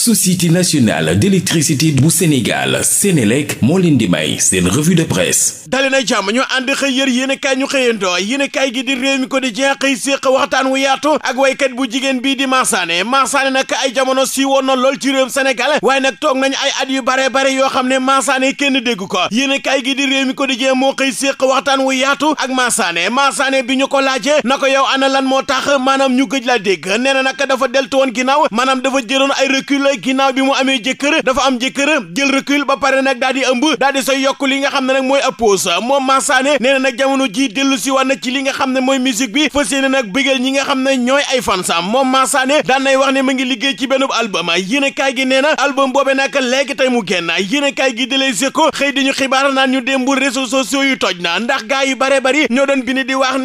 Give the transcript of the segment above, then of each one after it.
société nationale d'électricité bu Sénégal Sénélec moo leen di may seen revue de presse dali na jàmm ñu ànd xëy yër yéen a kaay ñu xëyandoo yéen a kaay gi di réew mi ko di jeex xëy séq waxtaan wu yaatu ak waykat bu jigéen bii di Massane Massane nag ay jamono si woon na lool ci réewum Sénégal waaye nag toog nañ at yu bare bare yoo xam ne Massane kenn dégg ko yéen a gi di réew mi ko di jeex moo xëy séq waxtaan wu yaatu ak Massane Massane bi ñu ko e na ko yow ana lan moo tax maanaam ñu gëj la dégg nee na nag dafa deltu woon ginnaaw maanaam dafa jëloon ay recul la ginnaaw bi mu amee jëkkër dafa am jëkkër jël recul ba pare nag daal di ëmb daal di say yokk li nga xam ne nag mooy appose moo Massane nee na nag jamono ji dellu si na ci li nga xam ne mooy musique bi fas yéene nag bëggal ñi nga xam ne ñooy ay fansam moom Massane daan nay wax ne mu ngi liggéey ci benn album yéene kaay gi nee na album boobee nag léegi tey mu génn yéene kaay gi dalee seko xëy di ñu xibaar naan ñu démb réseaux sociaux yu toj na ndax gaa yu bare bari ñoo doon bini di wax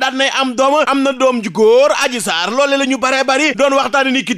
daan nay am doom am na doom ju góor Adji Sarr loole la ñu bare bari doon waxtaane ni ki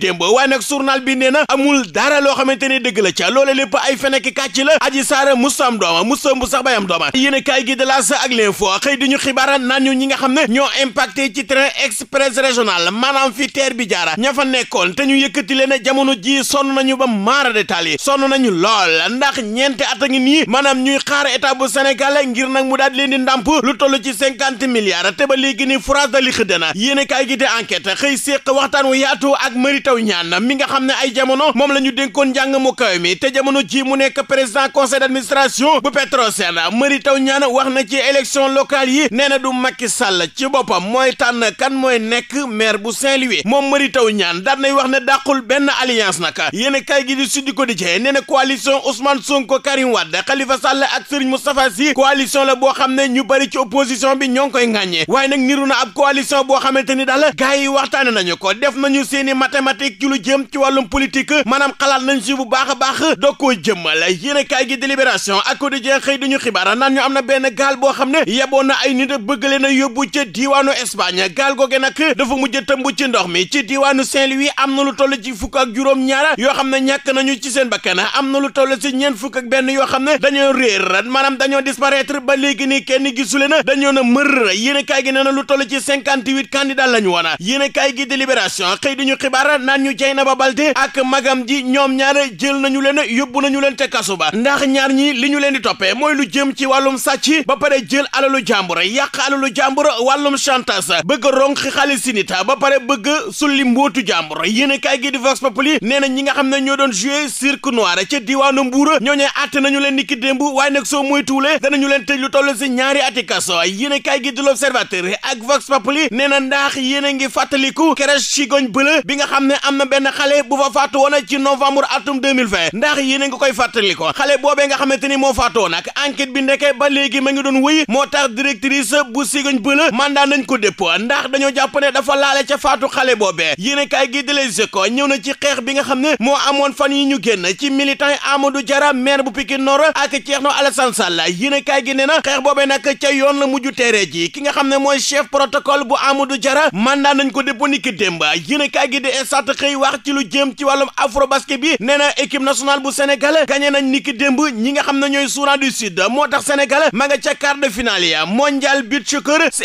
nee na amul dara loo xamante ne dëgg la a loola lépp ay fenekk kàcc la aji saara musta am dooma musta bu sax bay am dooma yéen a gi de laas ak l'info xëy di ñu a naan ñu ñi nga xam ne ñoo impacté ci train express régional maanaam fi TER bi jaara ña fa nekkoon te ñu yëkk yëkkati na jamono ji na ñu ba maara détail yi sonn nañu lool ndax ñeenti at a ngi nii maanaam ñuy xaar état bu Sénégal ngir nag mu daal leen di ndàmp lu toll ci cinquante milliards te ba léegi ni France dali a kaay gi de enquête xëy séq waxtaan wu yaatu ak Mary Teuw Niane mi nga xam ne ay jamono moom la ñu dénkoon njàng mu kawe te jamono jii mu nekk président conseil d'administration bu Petrosen Mary Teuw Niane wax na ci élection locale yi nee na du Macky Sall ci boppam mooy tànn kan mooy nekk maire bu Saint-Louis moom Mary Teuw Niane daan nay wax ne dàqul benn alliance naka yéen kay gi di Sud Quotidien nee na coalition Ousmane Sonko Karim Wade Khalifa Sall ak Serigne Moustapha Sy coalition la boo xam ne ñu bari ci opposition bi ñoo ngi koy ŋàññee waaye nag niru na ab coalition boo xamante ni daal gars yi waxtaane nañu ko def nañu seeni mathématique ci lu jëm ci wàllum politique politique maanaam xalaat nañ si bu baax a baax doo koo jëmmal yéen a kaay gi délibération ak ko di jeex xëy duñu xibaar naan ñu am na benn gaal boo xam ne yeboon na ay nit bëgg leen a yóbbu ca diiwaanu Espagne gaal googe nag dafa mujj tëmb ci ndox mi ci diiwaanu Saint-Louis am na lu toll ci fukk ak juróom ñaar yoo xam ne ñàkk ñu ci seen bakkan am na lu toll si ñeent fukk ak benn yoo xam ne dañoo réer maanaam dañoo disparaître ba léegi nii kenn gisule na dañoo na mër yéen a kaay gi na lu toll ci cinquante-huit candidat la ñu woon yéen a kaay gi délibération xëy duñu xibaar naan ñu Dieynaba Balde ak ak magam ji ñoom ñaar jël nañu leen yóbbu nañu leen te kasu ndax ñaar ñi li ñu leen di toppee mooy lu jëm ci wàllum sàcc ba pare jël alalu jàmbur yàq alalu jàmbur wàllum chantage bëgg ronq xaalis nit ba pare bëgg sulli mbootu jàmbur yéen kaay gi di vox populi nee na ñi nga xam ne ñoo doon joué cirque noir ca diwaanu Mbuur ñoo ñee àtte nañu leen niki démb waaye nag soo moytuwulee danañu leen tëj lu toll si ñaari ati kaso yéen kaay gi di l'observateur ak vox populi nee na ndax yéen a ngi fàttaliku crèche Chigogne Bleue bi nga xam ne am na benn xale bu fa faatu woon ci novembre atum 2020 ndax yéen a ngi koy fàttali ko xale boobee nga xamante ni moo faatoo nag enquête bi ndekee ba léegi ma ngi doon wéy moo tax directrice bu Siguñ Bëla mandat nañ ko dépôt ndax dañoo jàpp ne dafa laale ca faatu xale boobee yéen a kaay gi di Les ñëw na ci xeex bi nga xam ne moo amoon fan yi ñu génn ci militant yi Amadou Diarra maire bu Pikine Nord ak Thierno Alassane Sall yéen a kaay gi nee na xeex boobee nag ca yoon la mujj teeree ji ki nga xam ne mooy chef protocole bu Amadou Diarra mandat nañ ko dépôt ni ki démb yéen a kaay gi di instant xëy wax ci lu jëm ci wàllum afrobasket bi nee na équipe nationale bu Sénégal gagné nañ niki démb ñi nga xam ne ñooy Soudan du Sud moo tax Sénégal ma nga ca quart de finale ya mondial si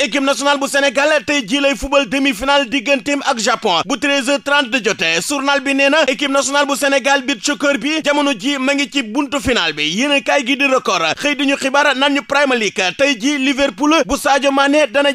équipe nationale bu Sénégal tey jii lay football demi-finale digganteem ak Japon bu 13h30 jotee journal bi nee na équipe bu Sénégal beach soccer bi jamono ji ma buntu finale bi yéen a gi di record xëy duñu xibaar naan ñu Premier tey jii Liverpool bu Sadio Mané dana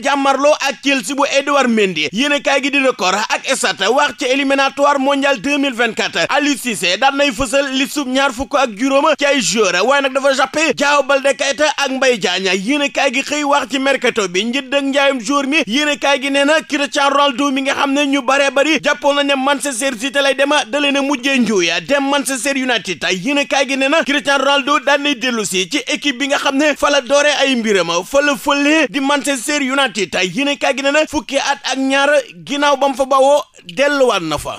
2024 Aliou Cissé daan nay fësal li sub ñaar fukk ak juróoma ci ay joueur waaye nag dafa jàppe Diao Baldé Keita ak Mbaye Diagne gi xëy wax ci mercato bi njëdd ak njaayum jour mi yéenekaay gi nee na Cristiano Ronaldo mi nga xam ne ñu bare bari jàppoon nañ ne Manchester City lay dema da leen a mujjee njuuya dem Manchester United yéenekaay gi nee na Cristiano Ronaldo daan nay dellu si ci équipe bi nga xam ne fa la doore ay mbiram fa la fële di Manchester United yéenekaay gi nee na fukki at ak ñaar ginnaaw ba mu fa bawoo delluwaat na fa